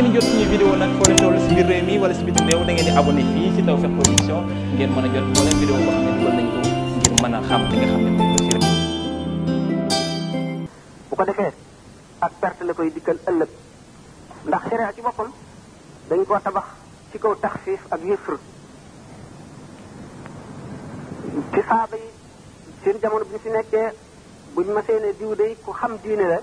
ngeen jot suñu vidéo nag foo leen toll si biir réew wala si biti réew da ngeen di abonné fii si Tawfekh Production ngeen mën a jot moo leen vidéo boo xam ko a xam li nga xam ko defee ak perte la koy dikkal ëllëg ndax sharia ci boppam dañ koo tabax ci kaw taxfiif ak yusr ci saaba seen jamono bi ñu fi nekkee buñ ma seenee diw day ku xam diine la.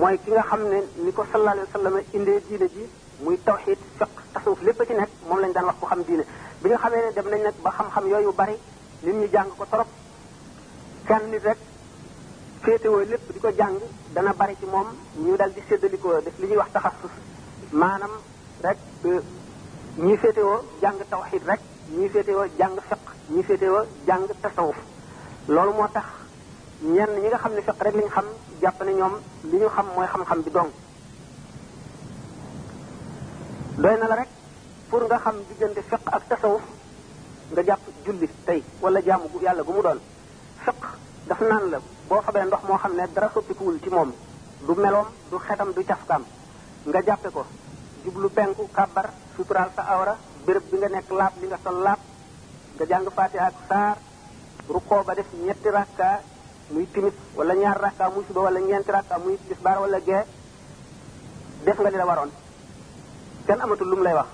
mooy ki nga xam ne ni ko sallallahu alayhi wa sallam indee diine ji muy tawxiid fiq tasawuf lépp ci nekk moom lañ daan wax ko xam diine bi nga xamee ne dem nañ nag ba xam-xam yooyu bari nit ñi jàng ko torop kenn nit rek féetewoo lépp di ko jàng dana bari ci moom ñu dal di séddalikoo def li ñuy wax taxasus maanaam rek euh, ñii féetewoo jàng tawxiid rek ñii féetewoo jàng fiq ñii féetewoo jàng tasawuf loolu moo tax ñenn ñi nga xam ne fiq rek lañ xam jàpp ne ñoom li ñu xam mooy xam-xam bi dong doy na la rek pour nga xam diggante fiq ak tasawuf nga jàpp julli tey wala jaamu yàlla gu mu doon fiq daf naan la boo xamee ndox moo xam ne dara soppikuwul ci moom du meloom du xetam du cafkaam nga jàppe ko jublu penku kàbbar suturaal sa awra béréb bi nga nekk laab li nga sol laab nga jàng faatiha ak saar rukkoo ba def ñetti rakka muy timis wala ñaar rakka muy suba wala ñeenti rakka muy wala gee def nga li la waroon kenn amatul lum lay wax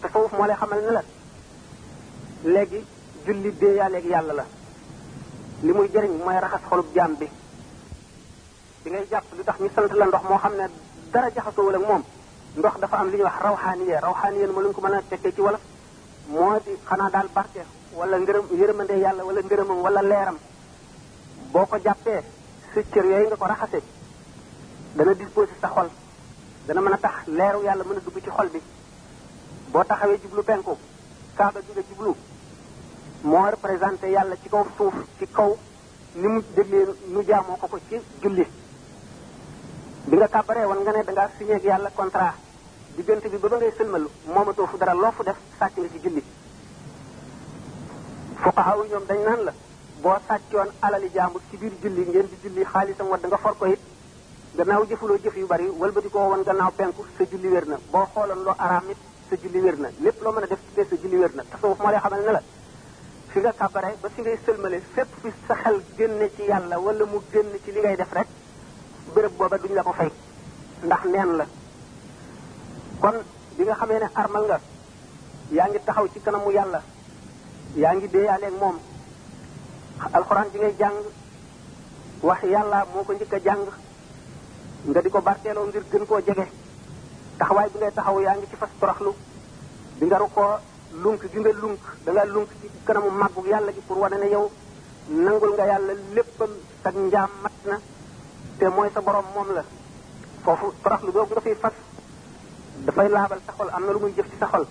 te foofu moo lay xamal ne la léegi julli bee léegi yàlla la li muy jëriñ mooy raxas xolub jaam bi bi ngay jàpp lu tax ñu sant la ndox moo xam ne dara jaxasoowul ak moom ndox dafa am li ñuy wax rawxaaniye rawxaaniye ma lu ñu ko mën a tekkee ci wolof moo di xanaa daal barke wala ngërëm yërmande yàlla wala ngërëmam wala leeram boo ko jàppee sa cër yooyu nga ko raxase dana disposé sa xol dana mën a tax leeru yàlla mën a dugg ci xol bi boo taxawee jublu penku kaaba gi nga jublu moo représenté yàlla ci kaw suuf ci kaw ni mu déglee nu jaamoo ko ko ci julli bi nga kàbbaree woon nga ne da ngaa signé ak yàlla contrat diggante bi ba ba ngay sëlmalu moomatoo fu dara loo fu def sàcc nga ci julli fuqahaa ñoom dañ naan la boo sàccoon alali jàmbur ci biir julli ngeen di julli xaalisam wadd danga for ko it gannaaw jëfuloo jëf yu bari walbati koo won gannaaw penku sa julli wér na boo xooloon loo araam it sa julli wér na lépp loo mën a def te sa julli wér na tasawuf moo lay xamal ne la fi nga kàbbare ba fi ngay sëlmale fépp fi sa xel génne ci yàlla wala mu génn ci li ngay def rek béréb booba duñ la ko fay ndax neen la kon bi nga xamee ne armal nga yaa ngi taxaw ci kanamu yàlla yaa ngi déeyaaleeg moom alxuraan ji ngay jàng wax yàlla moo ko njëkk a jàng nga di ko barkeeloo ngir gën koo jege taxawaay bi ngay taxaw yaa ngi ci fas toroxlu bi nga rukkoo lunk gi nga lunk da nga lunk ci kanamu màggu yàlla gi pour wane ne yow nangul nga yàlla léppam sag njaam mat na te mooy sa borom moom la foofu toroxlu googu nga fiy fas dafay laabal sa xol am na lu muy jëf ci sa xol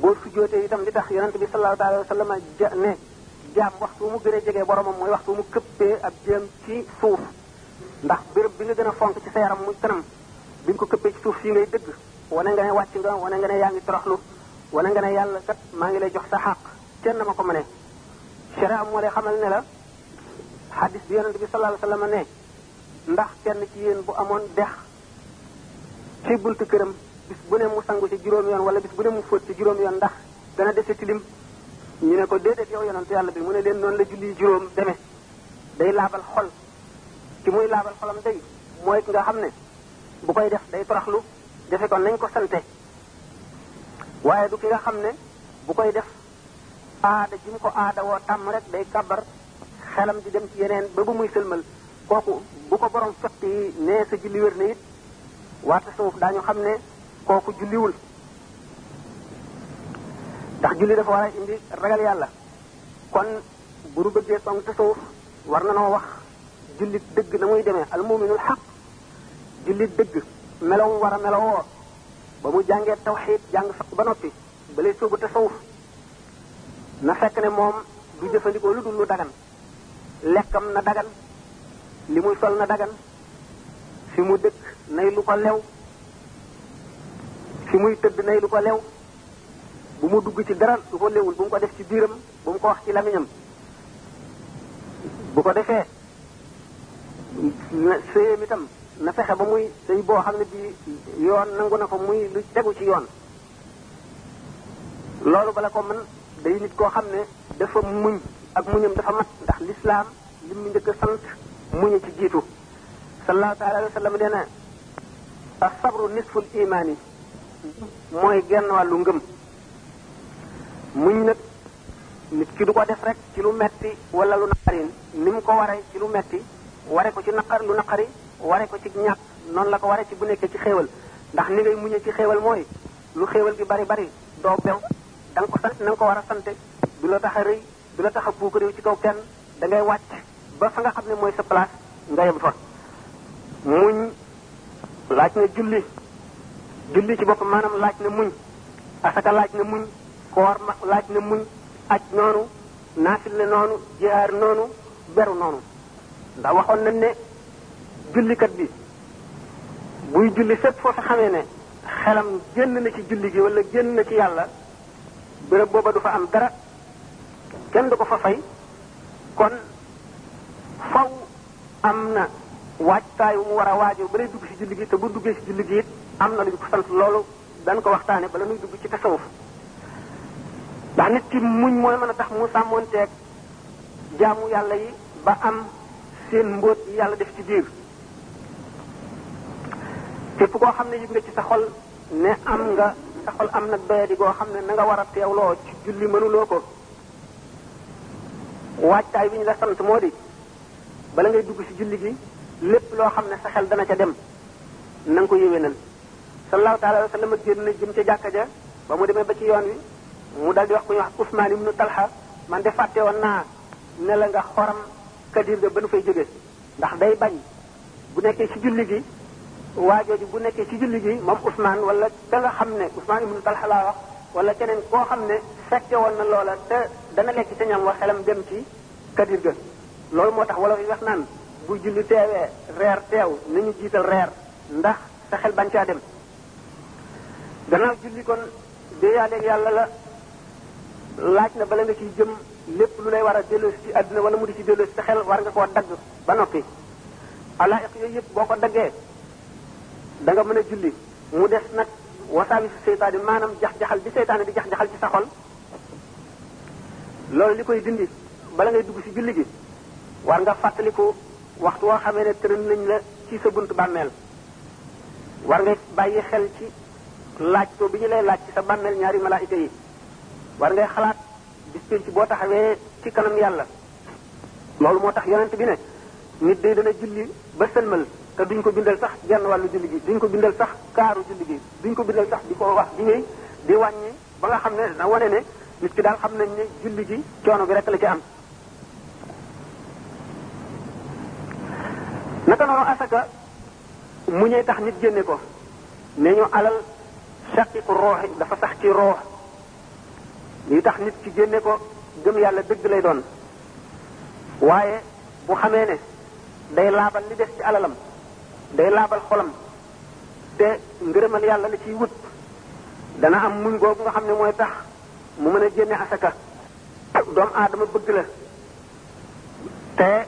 boo sujjootee itam li tax yonente bi sallallahu alayhi wa sallam ne jaam waxtu mu gën a jege boromam mooy waxtu mu këppee ab jëm ci suuf ndax béréb bi nga gën a fonk ci sa yaram muy kanam bi nga ko këppee ci suuf fii ngay dëgg wane nga ne wàcc nga wane nga ne yaa ngi toroxlu wane nga ne yàlla kat maa ngi lay jox sa xaq kenn ma ko ma ne sharia moo xamal ne la xadis bi yonente bi sallallahu alayhi wasallam ne ndax kenn ci yéen bu amoon dex ci buntu këram bis bu ne mu sangu ci juróom yoon wala bis bu ne mu fóot ci juróom yoon ndax dana dese tilim ñu ne ko déedéet yow yonentu yàlla bi mu ne leen noonu la julli juróom demee day laabal xol ci muy laabal xolam day mooy nga xam ne bu koy def day toraxlu defe kon nañ ko sante waaye du ki nga xam ne bu koy def aada ji mu ko aada woo tàmm rek day kàbbar xelam di dem ci yeneen ba bu muy sëlmal kooku bu ko borom sotti ne sa julli wér na it waate suuf daañu xam ne kooku julliwul ndax julli dafa war a indi ragal yàlla kon bu nu bëggee song tasawuf war na noo wax jullit dëgg na muy demee almuminul xaq jullit dëgg melow war a melowoo ba mu jàngee tawxiid jàng fiq ba noppi balay sóobu tasawuf na fekk ne moom du jëfandikoo lu dul lu dagan lekkam na dagan li muy sol na dagan fi mu dëkk nay lu ko lew fi muy tëdd nay lu ko lew bu mu dugg ci dara lu ko néewul bu mu ko def ci biiram bu mu ko wax ci lamiñam bu ko defee sëyeem itam na fexe ba muy sëy boo xam ne bi yoon nangu na ko muy lu tegu ci yoon loolu bala ko mën day nit koo xam ne dafa muñ ak muñam dafa mat ndax lislaam li mu njëkk sant muñu ci jiitu sallallahu taala alayhi wa sallam na as sabru nisful imaan yi mooy genn wàllu ngëm muñ nag nit ki du ko def rek ci lu metti wala lu naqari ni mu ko waree ci lu metti ware ko ci naqar lu naqari ware ko ci ñàkk noonu la ko waree ci bu nekkee ci xéewal ndax ni ngay muñee ci xéewal mooy lu xéewal gi bari bari doo bew da ko sant na nga ko war a sante du la tax a rëy du la tax a buuk ci kaw kenn da ngay wàcc ba fa nga xam ne mooy sa place nga yem fa muñ laaj na julli julli ci boppam maanaam laaj na muñ asaka laaj na muñ koor laaj na muñ aj noonu naafile noonu jihaar noonu beru noonu ndax waxoon nañ ne jullikat bi buy julli fépp foo fi xamee ne xelam génn na ci julli gi wala génn na ci yàlla béréb booba du fa am dara kenn du ko fa fay kon faw am na waajtaay wu mu war a waajoo ba lay dugg ci julli gi te bu duggee ci julli gi it am na lu ñu ko loolu dañ ko waxtaane bala nuy dugg ci tasawuf ndax nit ki muñ mooy mën a tax mu sàmmoonteeg jaamu yàlla yi ba am seen mbóot yi yàlla def ci biir képp koo xam ne yëg nga ci sa xol ne am nga sa xol am nag doyadi goo xam ne na nga war a teewloo ci julli mënuloo ko waajtaay bi ñu la sant moo di bala ngay dugg ci julli gi lépp loo xam ne sa xel dana ca dem na nga ko yéwénal sallallahu taala wa sallam génn jëm ca jàkka ja ba mu demee ba ci yoon wi mu dal di wax ku ñuy wax Ousmane ibnu Talha man de fàtte woon naa ne la nga xoram kadir ga ba nu fay jóge ndax day bañ bu nekkee ci julli gi waajooju bu nekkee ci julli gi moom Ousmane wala da nga xam ne Ousmane ibnu Talha laa wax wala keneen koo xam ne fekke woon na loola te dana lekk ca ñam wa xelam dem ci kadir ga loolu moo tax wala fi wax naan bu julli teewee reer teew nañu jiital reer ndax sa xel bañ caa dem gannaaw julli kon déeyaa léegi laaj na bala nga ciy jëm lépp lu lay war a delloosi ci àdduna wala mu di ci delloosi sa xel war nga koo dagg ba noppi alaayiq yooyu yëpp boo ko daggee danga mën a julli mu des nag wasaawisu seytaane maanaam jax-jaxal bi seytaane di jax-jaxal ci sa xol loolu li koy dindi bala ngay dugg ci julli gi war nga fàttaliku waxtu woo xamee ne tërën nañ la ci sa buntu bàmmeel war nga bàyyi xel ci laaj ko bi ñu lay laaj ci sa bàmmeel ñaari malaayika yi war ngay xalaat bis pénc boo taxawee ci kanam yàlla loolu moo tax yonent bi ne nit day dana julli ba sëlmal te duñ ko bindal sax genn wàllu julli gi duñ ko bindal sax kaaru julli gi duñ ko bindal sax di ko wax di wéy di wàññi ba nga xam ne dana wane ne nit ki daal xam nañ ne julli gi coono bi rek la ci am naka noonu asaka mu ñëw tax nit génne ko ne ñu alal shaqiqu rooxi dafa sax ci roox li tax nit ci génne ko gëm yàlla dëgg lay doon waaye bu xamee ne day laabal li des ci alalam day laabal xolam te ngërëmal yàlla la ciy wut dana am muñ googu nga xam ne mooy tax mu mën a génne asaka doomu aadama bëgg la te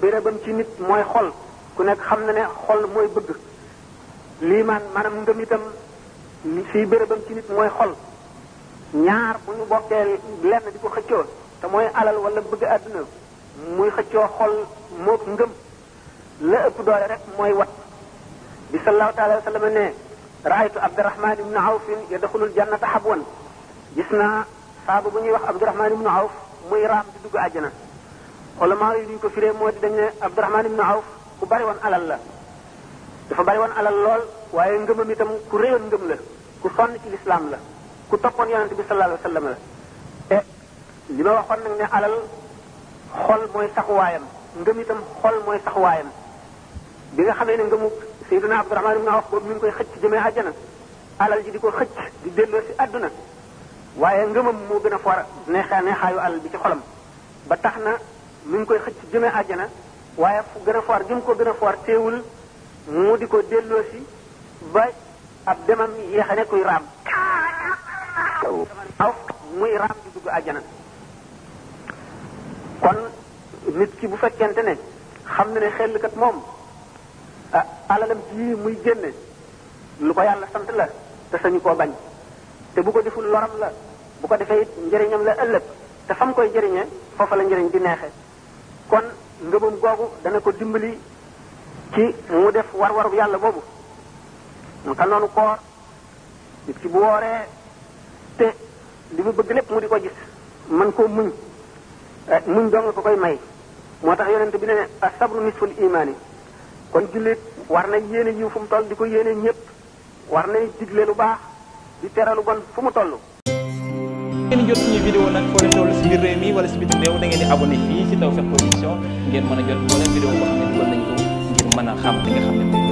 bérébam ci nit mooy xol ku nekk xam na ne xol mooy bëgg liimaan maanaam ngëm itam fii bérébam ci nit mooy xol ñaar bu ñu bokkee lenn di ko xëccoo te mooy alal wala bëgg àdduna muy xëccoo xol moog ngëm la ëpp doole rek mooy wat bi sallallahu taala wa sallam ne raaytu abdurahman ibnu awfin yadxulul jannata xabwan gis naa saaba bu ñuy wax abdurahman ibnu awf muy raam di dugg àjjana olamaa yi duñ ko firee moo di dañ ne abdurahman ibnu awf ku bari woon alal la dafa bari woon alal lool waaye ngëmam itam ku réyoon ngëm la ku sonn ci lislaam la ku toppoon yonent bi sallallahu alayhi wa sallam la te eh, li ma waxoon nag ne alal xol mooy saxuwaayam ngëm itam xol mooy saxuwaayam bi nga xamee ne ngëmu Seydina Abdourahmaan ibn Awf boobu mi ngi koy xëcc jëmee àjjana alal ji di ko xëcc delloo si àdduna waaye ngëmam moo gën a for neexaa neexaayu alal bi ci xolam ba tax na mi ngi koy xëcc jëmee àjjana waaye fu gën a for gi mu ko gën a for teewul mu di ko delloo si ba ab demam yéex nekkuy raam aw muy raam di dugg àjjana kon nit ki bu fekkente ne xam na ne xellkat moom ah, alalam ji muy génne lu ko yàlla sant la te sañu koo bañ te bu ko deful loram la bu ko defee it njëriñam la ëllëg te fam koy jëriñee foofa la njëriñ di neexe kon ngëmam googu dana ko dimbali ci mu def war waru yàlla boobu mu ka koor nit ki bu wooree te li mu bëgg lépp mu di ko gis man koo muñ eh, muñ dong ko koy may moo tax yonent bi ne ne asabru nisful imaani kon jullit war na yéene yiw fu mu toll di ko yéene ñëpp war na digle lu baax di tere lu bon fu mu toll. ngeen jot suñu vidéo nag foo leen toll si biir réew mi da ngeen di abonné ngeen mën a jot moo ne dugal ngir mën a xam li nga xam